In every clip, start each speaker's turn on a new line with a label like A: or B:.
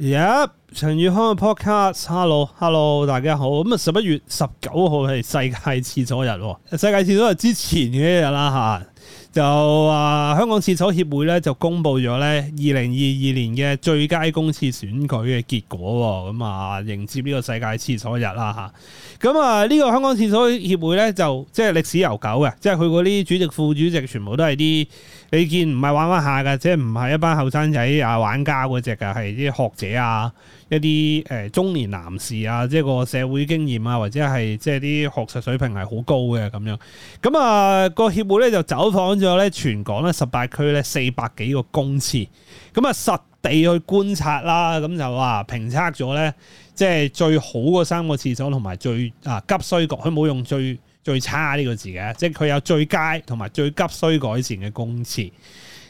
A: Yep，陳宇康嘅 podcast，hello hello，大家好，咁啊十一月十九號係世界廁所日喎，世界廁所日之前嘅一日啦吓。就啊，香港廁所協會咧就公布咗咧二零二二年嘅最佳公廁選舉嘅結果，咁啊迎接呢個世界廁所日啦嚇。咁啊呢個香港廁所協會咧就即係歷史悠久嘅，即係佢嗰啲主席、副主席全部都係啲你見唔係玩玩下嘅，即係唔係一班後生仔啊玩家嗰隻呀，係啲學者啊。一啲中年男士啊，即係個社會經驗啊，或者係即係啲學術水平係好高嘅咁樣。咁啊個協會咧就走訪咗咧全港咧十八區咧四百幾個公廁，咁啊實地去觀察啦，咁就話評測咗咧即係最好嗰三個廁所，同埋最啊急需改佢冇用最最差呢個字嘅，即係佢有最佳同埋最急需改善嘅公廁。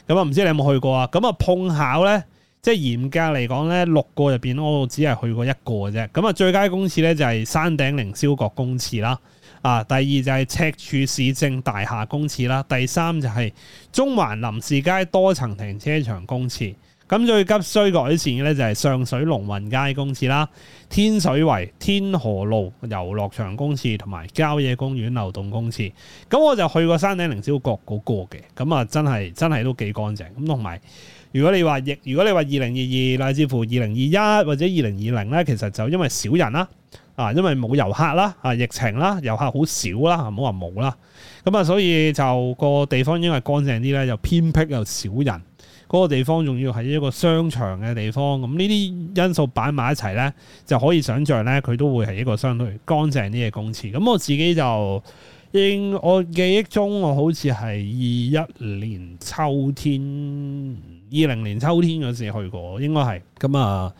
A: 咁啊唔知你有冇去過啊？咁啊碰巧咧。即係嚴格嚟講咧，六個入面我只係去過一個啫。咁啊，最佳公廁咧就係山頂凌霄閣公廁啦，啊，第二就係赤柱市政大廈公廁啦，第三就係中環林士街多層停車場公廁。咁最急需改善嘅咧就係上水龍運街公廁啦、天水圍天河路遊樂場公廁同埋郊野公園流動公廁。咁我就去過山頂凌霄閣嗰個嘅，咁啊真係真係都幾乾淨咁，同埋。如果你話疫，如果你話二零二二，乃至乎二零二一或者二零二零呢，其實就因為少人啦，啊，因為冇遊客啦，啊，疫情啦，遊客好少啦，唔好話冇啦。咁啊，所以就個地方應該係乾淨啲呢，又偏僻又少人，嗰、嗰個地方仲要係一個商場嘅地方，咁呢啲因素擺埋一齊呢，就可以想像呢，佢都會係一個相對乾淨啲嘅公廁。咁我自己就應我記憶中，我好似係二一年秋天。二零年秋天嗰時去過應該係咁啊。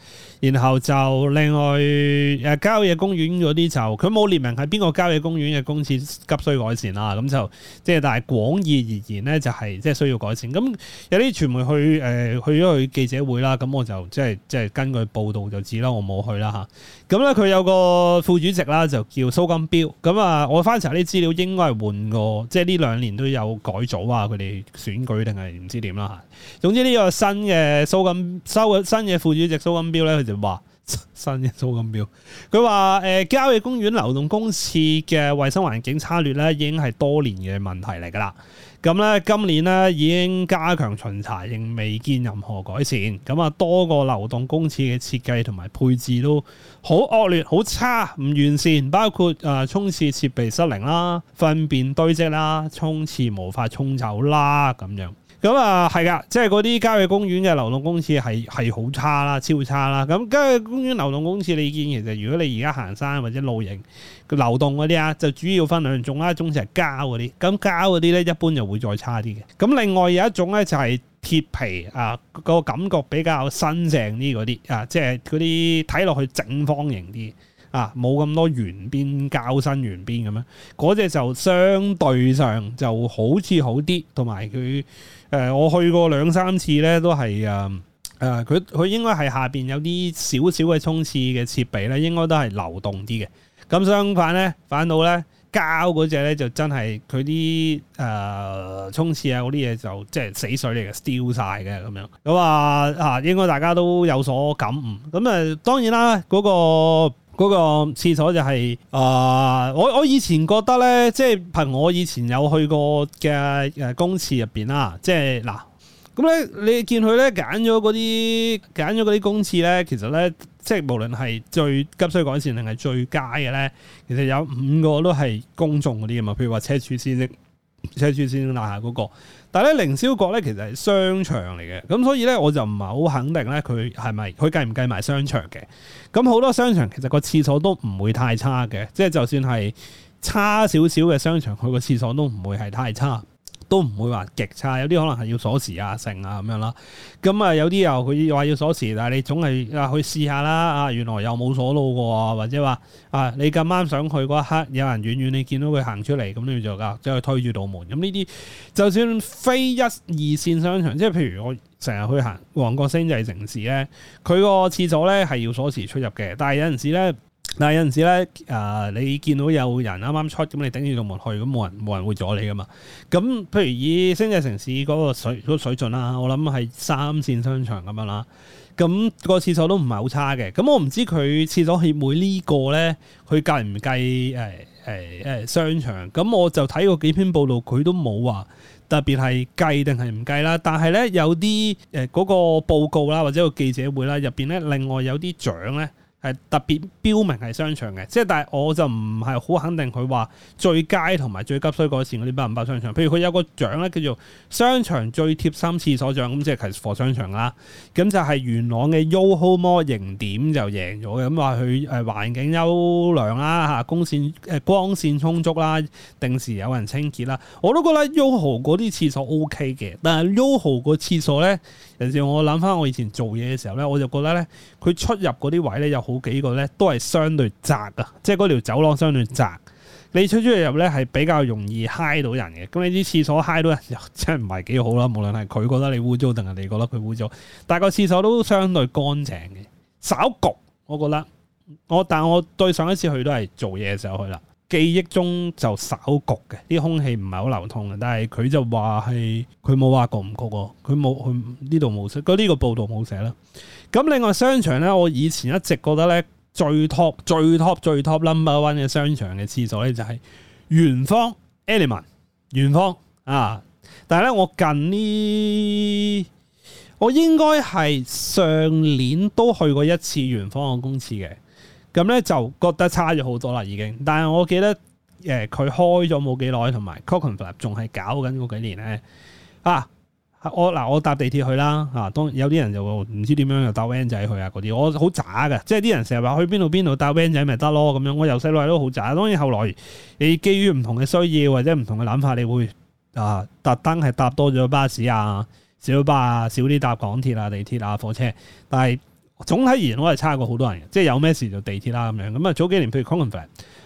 A: 然後就另外誒，郊野公園嗰啲就佢冇列明係邊個郊野公園嘅公廁急需改善啦。咁就即係但係廣義而言咧，就係即係需要改善。咁有啲傳媒去誒、呃、去咗去記者會啦。咁我就即係即係根據報道就知啦。我冇去啦吓，咁咧佢有個副主席啦，就叫蘇金彪。咁啊，我翻查啲資料應該係換過，即係呢兩年都有改組啊。佢哋選舉定係唔知點啦吓，總之呢、這個。個新嘅蘇錦、蘇新嘅副主席蘇錦彪咧，佢就話新嘅蘇錦彪，佢話誒，郊野公園流動公廁嘅衛生環境差劣咧，已經係多年嘅問題嚟噶啦。咁咧，今年咧已經加強巡查，仍未見任何改善。咁啊，多個流動公廁嘅設計同埋配置都好惡劣、好差、唔完善，包括誒沖廁設備失靈啦、糞便堆積啦、沖廁無法沖走啦咁樣。咁、嗯、啊，係噶，即係嗰啲郊野公園嘅流動公廁係係好差啦，超差啦。咁郊野公園流動公廁，你見其實，如果你而家行山或者露營流動嗰啲啊，就主要分兩種啦，一種係膠嗰啲，咁膠嗰啲咧一般就會再差啲嘅。咁、嗯、另外有一種咧就係鐵皮啊，嗰個感覺比較新淨啲嗰啲啊，即係嗰啲睇落去正方形啲啊，冇咁多圓邊膠身圓邊咁樣，嗰、那、隻、個、就相對上就好似好啲，同埋佢。誒、呃、我去過兩三次咧，都係誒誒佢佢應該係下面有啲少少嘅沖廁嘅設備咧，應該都係流動啲嘅。咁相反咧，反倒咧膠嗰隻咧就真係佢啲誒沖廁啊嗰啲嘢就即係、就是、死水嚟嘅丟晒嘅咁樣。咁啊啊，應該大家都有所感悟。咁誒、呃、當然啦，嗰、那個。嗰個廁所就係啊！我我以前覺得咧，即係憑我以前有去過嘅公廁入面啦，即係嗱，咁咧你見佢咧揀咗嗰啲揀咗嗰啲公廁咧，其實咧即係無論係最急需改善定係最佳嘅咧，其實有五個都係公眾嗰啲啊嘛，譬如話車主先車住先啦，下個，但係咧凌霄閣咧其實係商場嚟嘅，咁所以咧我就唔係好肯定咧佢係咪佢計唔計埋商場嘅？咁好多商場其實個廁所都唔會太差嘅，即係就算係差少少嘅商場，佢個廁所都唔會係太差。都唔會話極差，有啲可能係要鎖匙啊、成啊咁樣啦。咁啊，有啲又佢話要鎖匙，但係你總係啊去試下啦啊，原來又冇鎖到喎，或者話啊你咁啱上去嗰一刻，有人遠遠你見到佢行出嚟，咁你就噶即係推住道門。咁呢啲就算非一二線商場，即係譬如我成日去行旺角星際城市咧，佢個廁所咧係要鎖匙出入嘅，但係有陣時咧。但有陣時咧、呃，你見到有人啱啱出咁，你頂住個門去，咁冇人冇人會阻你噶嘛？咁譬如以星際城市嗰個水、嗰個、水準啦，我諗係三線商場咁樣啦。咁、個廁所都唔係好差嘅。咁我唔知佢廁所協會呢個咧，佢計唔計呃呃呃商場？咁我就睇過幾篇報道，佢都冇話特別係計定係唔計啦。但係咧有啲嗰、呃嗰個報告啦，或者個記者會啦，入面咧另外有啲獎咧。係特別標明係商場嘅，即係但係我就唔係好肯定佢話最佳同埋最急需改善嗰啲包唔包商場。譬如佢有個獎咧叫做商場最貼心廁所獎，咁即係其實貨商場啦。咁就係元朗嘅 YOHO MALL 形點就贏咗嘅，咁話佢誒環境優良啦，嚇，光線誒光線充足啦，定時有人清潔啦。我都覺得 YOHO 嗰啲廁所 OK 嘅，但係 YOHO 個廁所咧。平時我諗翻我以前做嘢嘅時候咧，我就覺得咧，佢出入嗰啲位咧有好幾個咧，都係相對窄啊，即係嗰條走廊相對窄。你出出入入咧係比較容易嗨到人嘅，咁你啲廁所嗨到人又真係唔係幾好啦。無論係佢覺得你污糟，定係你覺得佢污糟，但係個廁所都相對乾淨嘅，稍焗。我覺得我，但我對上一次去都係做嘢嘅時候去啦。記憶中就稍焗嘅，啲空氣唔係好流通嘅。但係佢就話係佢冇話焗唔焗喎，佢冇，佢呢度冇寫。咁呢個報道冇寫啦。咁另外商場咧，我以前一直覺得咧最 top 最 top 最 top number one 嘅商場嘅廁所咧就係、是、圓方 Elements 圓方啊！但係咧我近呢，我應該係上年都去過一次圓方嘅公廁嘅。咁咧就覺得差咗好多啦，已經。但係我記得誒，佢開咗冇幾耐，同埋 c o c k n f l y 仲係搞緊嗰幾年咧。啊，我嗱我搭地鐵去啦。啊，當然有啲人就唔知點樣搭 van 仔去啊嗰啲。我好渣㗎，即係啲人成日話去邊度邊度搭 van 仔咪得咯咁樣。我由細到大都好渣。當然後來你基於唔同嘅需要或者唔同嘅諗法，你會啊特登係搭多咗巴士啊、小巴啊、少啲搭港鐵啊、地鐵啊、火車。但係總體而言，我係差過好多人嘅，即係有咩事就地鐵啦咁樣。咁啊，早幾年譬如 Conference，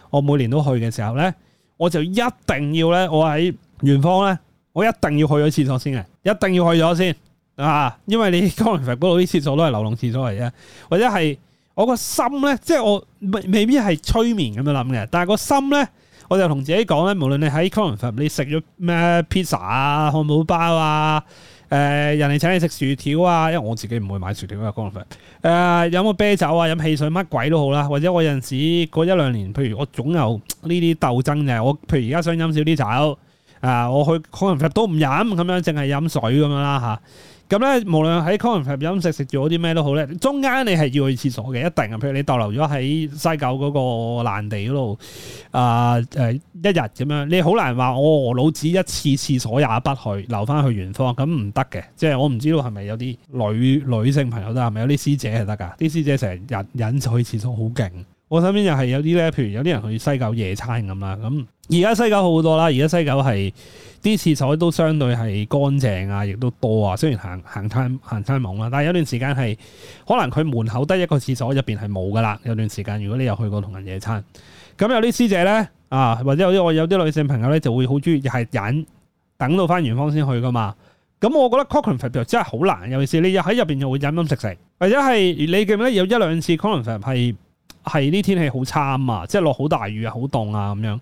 A: 我每年都去嘅時候咧，我就一定要咧，我喺元芳咧，我一定要去咗廁所先嘅，一定要去咗先，係、啊、因為你 Conference 嗰度啲廁所都係流動廁所嚟嘅，或者係我個心咧，即係我未未必係催眠咁樣諗嘅，但係個心咧，我就同自己講咧，無論你喺 Conference，你食咗咩 pizza 啊、漢堡包啊。誒、呃、人哋請你食薯條啊，因為我自己唔會買薯條啊。可能會飲個啤酒啊，飲汽水乜鬼都好啦、啊。或者我有陣時過一兩年，譬如我總有呢啲鬥爭嘅。我譬如而家想飲少啲酒啊、呃，我去可能都唔飲咁樣，淨係飲水咁樣啦、啊。咁咧，無論喺康仁飯飲食食咗啲咩都好咧，中間你係要去廁所嘅，一定。譬如你逗留咗喺西九嗰個爛地嗰度，啊、呃、一日咁樣，你好難話我老子一次廁所也不去，留翻去元芳咁唔得嘅。即係我唔知道係咪有啲女女性朋友得，係咪有啲師姐係得㗎？啲師姐成日忍，忍去廁所好勁。我身邊又係有啲咧，譬如有啲人去西九野餐咁啦。咁而家西九好好多啦，而家西九係啲廁所都相對係乾淨啊，亦都多啊。雖然行行餐行餐懵啦，但係有段時間係可能佢門口得一個廁所，入邊係冇噶啦。有段時間如果你有去過同人野餐，咁有啲師姐咧啊，或者有啲我有啲女性朋友咧就會好中意又係忍等到翻元芳先去噶嘛。咁我覺得 confront 又真係好難，尤其是你喺入邊又會飲飲食食，或者係你記唔記得有一兩次 confront 係？係啲天氣好差啊，即係落好大雨啊，好凍啊咁樣。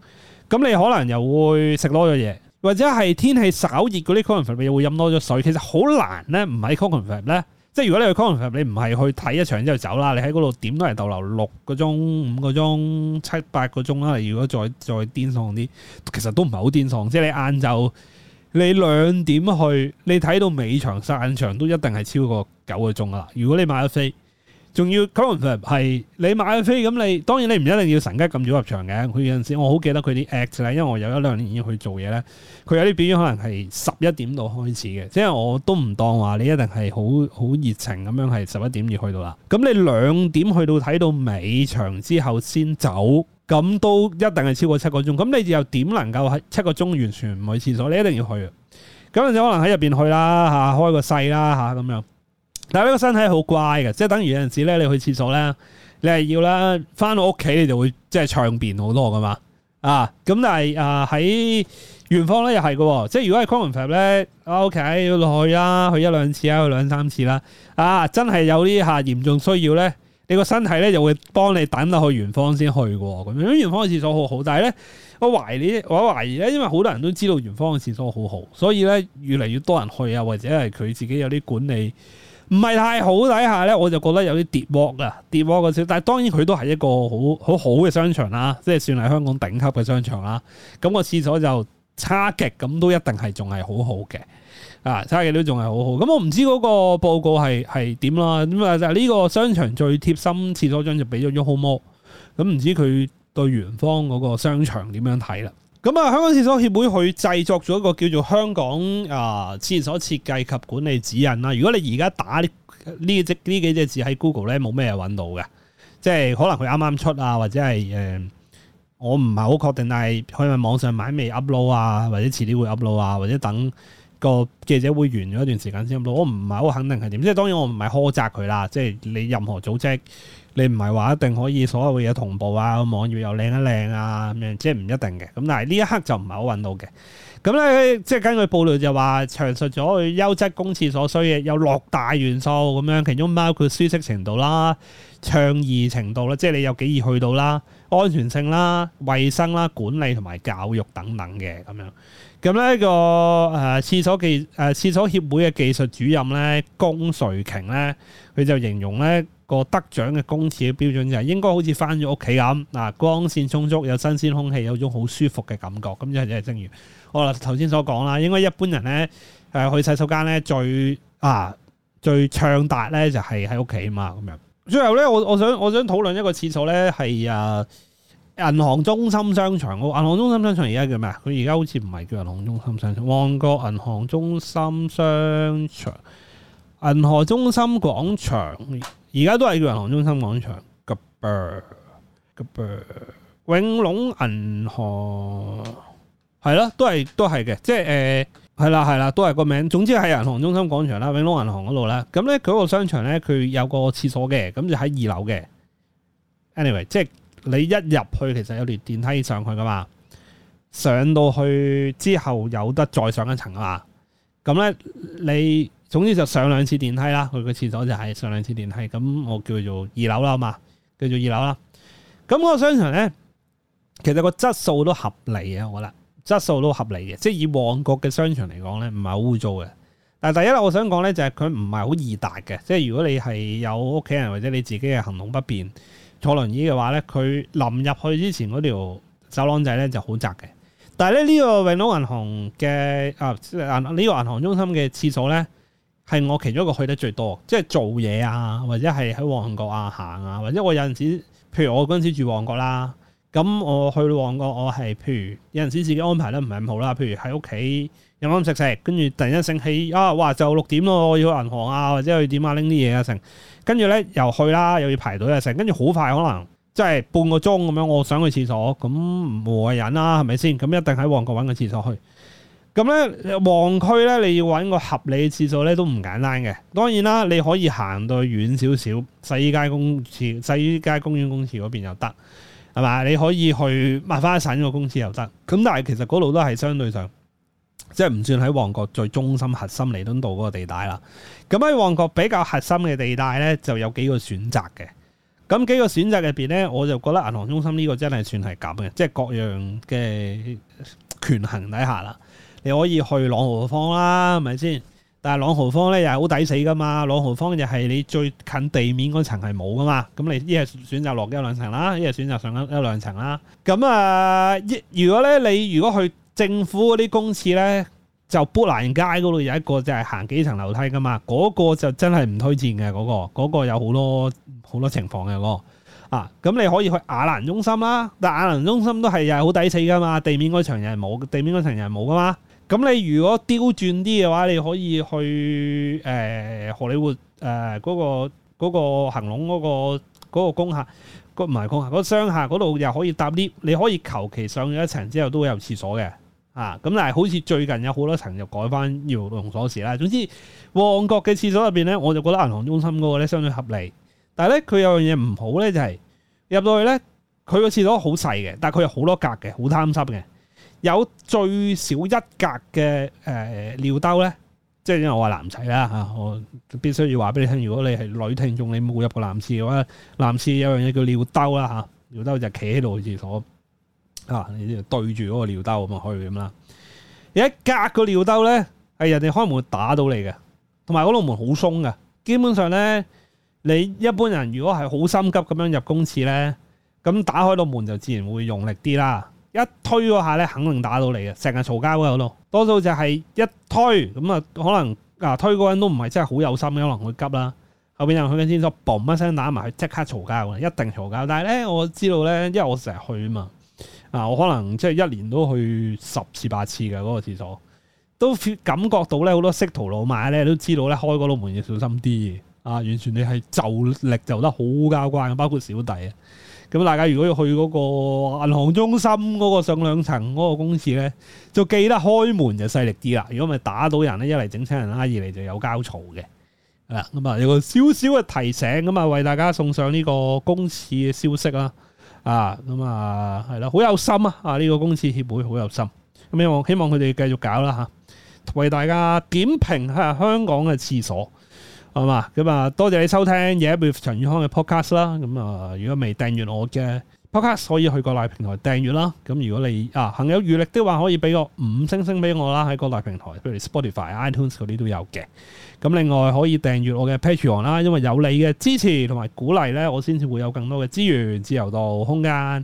A: 咁你可能又會食多咗嘢，或者係天氣稍熱嗰啲 con 又會飲多咗水。其實好難咧，唔喺 con 咧，即係如果你去 con 你唔係去睇一場之後走啦，你喺嗰度點都係逗留六個鐘、五個鐘、七八個鐘啦。如果再再癲喪啲，其實都唔係好癲喪。即係你晏晝你兩點去，你睇到尾場、散場都一定係超過九個鐘㗎啦。如果你買咗飛。仲要 confirm 係你買咗飛咁，你當然你唔一定要神雞咁早入場嘅。佢有陣時，我好記得佢啲 act 咧，因為我有一兩年已經去做嘢咧，佢有啲表演可能係十一點度開始嘅，即係我都唔當話你一定係好好熱情咁樣係十一點而去到啦。咁你兩點去到睇到尾場之後先走，咁都一定係超過七個鐘。咁你又點能夠喺七個鐘完全唔去廁所？你一定要去！咁有時可能喺入邊去啦，嚇開個細啦，咁樣。但係呢個身體好乖嘅，即係等於有陣時咧，你去廁所咧，你係要啦。返到屋企你就會即係暢便好多㗎嘛。啊，咁但係啊喺元芳咧又係嘅，即係如果係康文署咧，O K 要落去啦，去一兩次啦，去兩三次啦。啊，真係有啲嚇嚴重需要咧，你個身體咧就會幫你等到去元芳先去喎。咁樣元芳嘅廁所好好，但係咧我懷疑，我懷疑咧，因為好多人都知道元芳嘅廁所好好，所以咧越嚟越多人去啊，或者係佢自己有啲管理，唔係太好底下呢，我就覺得有啲跌波啊，跌波嗰啲。但係當然佢都係一個好好好嘅商場啦，即係算係香港頂級嘅商場啦。咁個廁所就差極，咁都一定係仲係好好嘅啊，差極都仲係好好。咁我唔知嗰個報告係係點啦。咁啊、嗯、就係、是、呢個商場最貼心廁所獎就俾咗 JoMo，咁唔知佢對元芳嗰個商場點樣睇啦？咁啊，香港廁所協會去製作咗一個叫做《香港啊、呃、廁所設計及管理指引》啦。如果你而家打呢隻呢幾隻字喺 Google 咧，冇咩揾到嘅，即係可能佢啱啱出啊，或者係誒、嗯，我唔係好確定，但係佢喺網上買未 upload 啊，或者遲啲會 upload 啊，或者等個記者會完咗一段時間先 upload。我唔係好肯定係點。即係當然我唔係苛責佢啦，即係你任何組織。你唔係話一定可以所有嘅嘢同步啊，網頁又靚一靚啊咁樣，即係唔一定嘅。咁但係呢一刻就唔係好揾到嘅。咁咧，即係根據報導就話詳述咗佢優質公廁所需嘅有六大元素咁樣，其中包括舒適程度啦、暢意程度啦，即係你有幾易去到啦、安全性啦、衛生啦、管理同埋教育等等嘅咁樣。咁咧、個、呃、廁所技誒廁所協會嘅技術主任咧，龔瑞瓊咧，佢就形容咧。個得獎嘅公廁嘅標準就應該好似返咗屋企咁。嗱，光線充足，有新鮮空氣，有種好舒服嘅感覺。咁就係正就正如我頭先所講啦，應該一般人咧誒去洗手間咧最啊最暢達咧就係喺屋企啊嘛咁樣。最後咧，我我想我想討論一個廁所咧係誒銀行中心商場個銀行中心商場而家叫咩啊？佢而家好似唔係叫銀行中心商場，旺角銀行中心商場、銀河中心廣場。而家都係叫銀行中心廣場，永隆銀行，係咯，啊，都係都係嘅，即係誒，係啦係啦，都係個名。總之喺銀行中心廣場啦，永隆銀行嗰度啦。咁咧佢個商場咧，佢有個廁所嘅，咁就喺二樓嘅。anyway，即係你一入去其實有條電梯上去噶嘛，上到去之後有得再上一層啊嘛。咁咧你。總之就上兩次電梯啦，佢個廁所就喺上兩次電梯，咁我叫做二樓啦嘛，叫做二樓啦。咁個商場呢，其實個質素都合理嘅。我覺得質素都合理嘅，即係以旺角嘅商場嚟講呢，唔係好污糟嘅。但係第一我想講呢，就係佢唔係好易達嘅，即係如果你係有屋企人或者你自己嘅行動不便坐輪椅嘅話呢，佢臨入去之前嗰條走廊仔呢就好窄嘅。但係咧呢個永隆銀行嘅啊呢個銀行中心嘅廁所呢，係我其中一個去得最多，即係做嘢啊，或者係喺旺角啊行啊，或者我有陣時，譬如我嗰陣時住旺角啦，咁我去旺角，我係譬如有陣時自己安排得唔係咁好啦，譬如喺屋企飲飲食食，跟住突然醒起啊，哇就六點咯，我要去銀行啊，或者去點啊拎啲嘢啊成，跟住咧又去啦，又要排隊啊盛，跟住好快可能即係、就是、半個鐘咁樣，我想去廁所，咁冇得忍啦，係咪先？咁一定喺旺角揾個廁所去。咁咧旺區咧，你要搵個合理嘅次數咧都唔簡單嘅。當然啦，你可以行到遠少少，西街公廁、西街公園公廁嗰邊又得，係嘛？你可以去麥花臣個公廁又得。咁但係其實嗰度都係相對上，即係唔算喺旺角最中心核心彌敦道嗰個地帶啦。咁喺旺角比較核心嘅地帶咧，就有幾個選擇嘅。咁幾個選擇入邊咧，我就覺得銀行中心呢個真係算係咁嘅，即係各樣嘅權衡底下啦。你可以去朗豪坊啦，係咪先？但係朗豪坊咧又係好抵死噶嘛，朗豪坊又係你最近地面嗰層係冇噶嘛。咁你擇一係選擇落一兩層啦，一係選擇上一兩層啦。咁啊，如果咧你如果去政府嗰啲公廁咧，就砵蘭街嗰度有一個就係行幾層樓梯噶嘛。嗰、嗰個就真係唔推薦嘅嗰個，嗰、嗰個有好多好多情況嘅嗰個啊。咁你可以去雅蘭中心啦，但雅蘭蘭中心都係又係好抵死噶嘛，地面嗰層又係冇，地面嗰層又係冇噶嘛。咁你如果刁轉啲嘅話，你可以去誒、呃、荷里活誒嗰、呃嗰個嗰個行龍嗰、嗰個嗰、嗰個公廈，工廈嗰個唔係公廈，嗰商廈嗰度又可以搭 lift，你可以求其上咗一層之後都會有廁所嘅，啊！咁但係好似最近有好多層就改翻要用鎖匙啦。總之旺角嘅廁所入邊咧，我就覺得銀行中心嗰個咧，相對合理，但係咧佢有樣嘢唔好咧就係入到去咧，佢個廁所好細嘅，但係佢有好多格嘅，好貪心嘅。有最少一格嘅誒、呃、尿兜咧，即係因為我係男仔啦嚇，我必須要話俾你聽。如果你係女聽眾你冇一個，你冇入過男廁嘅話，男廁有一樣嘢叫尿兜啦嚇、啊，尿兜就企喺度好似所啊，你對住嗰個尿兜咁啊去咁啦。有一格個尿兜咧，係人哋開門打到你嘅，同埋嗰道門好鬆㗎。基本上咧，你一般人如果係好心急咁樣入公廁咧，咁打開道門就自然會用力啲啦。一推嗰下咧，肯定打到你嘅，成日嘈交喺度。多數就係一推咁啊，可能推嗰人都唔係真係好有心，可能會急啦。後邊又去緊廁所，嘣一聲打埋去，即刻嘈交嘅，一定嘈交。但係咧，我知道咧，因為我成日去啊嘛，啊我可能即係一年都去十次八次嘅嗰個廁所，都感覺到咧好多識途老馬咧都知道咧，開嗰度門要小心啲啊！完全你係就力就得好交關，包括小弟啊。咁大家如果要去嗰個銀行中心嗰個上兩層嗰個公廁咧，就記得開門就細力啲啦。如果唔係打到人咧，一嚟整親人，二嚟就有交嘈嘅。係、啊、啦，咁啊有一個少少嘅提醒咁啊，為大家送上呢個公廁嘅消息啦。啊，咁啊係咯，好有心啊！啊、這、呢個公廁協會好有心咁樣，我希望佢哋繼續搞啦嚇、啊，為大家點評下、啊、香港嘅廁所。好嘛？咁啊，多謝你收聽《夜與陳宇康嘅 Podcast》啦。咁啊，如果未訂閱我嘅 Podcast，可以去各大平台訂閱啦。咁如果你啊，行有餘力的話，可以俾個五星星俾我啦。喺各大平台，譬如 Spotify、iTunes 嗰啲都有嘅。咁另外可以訂閱我嘅 Patreon 啦。因為有你嘅支持同埋鼓勵咧，我先至會有更多嘅資源、自由度、空間。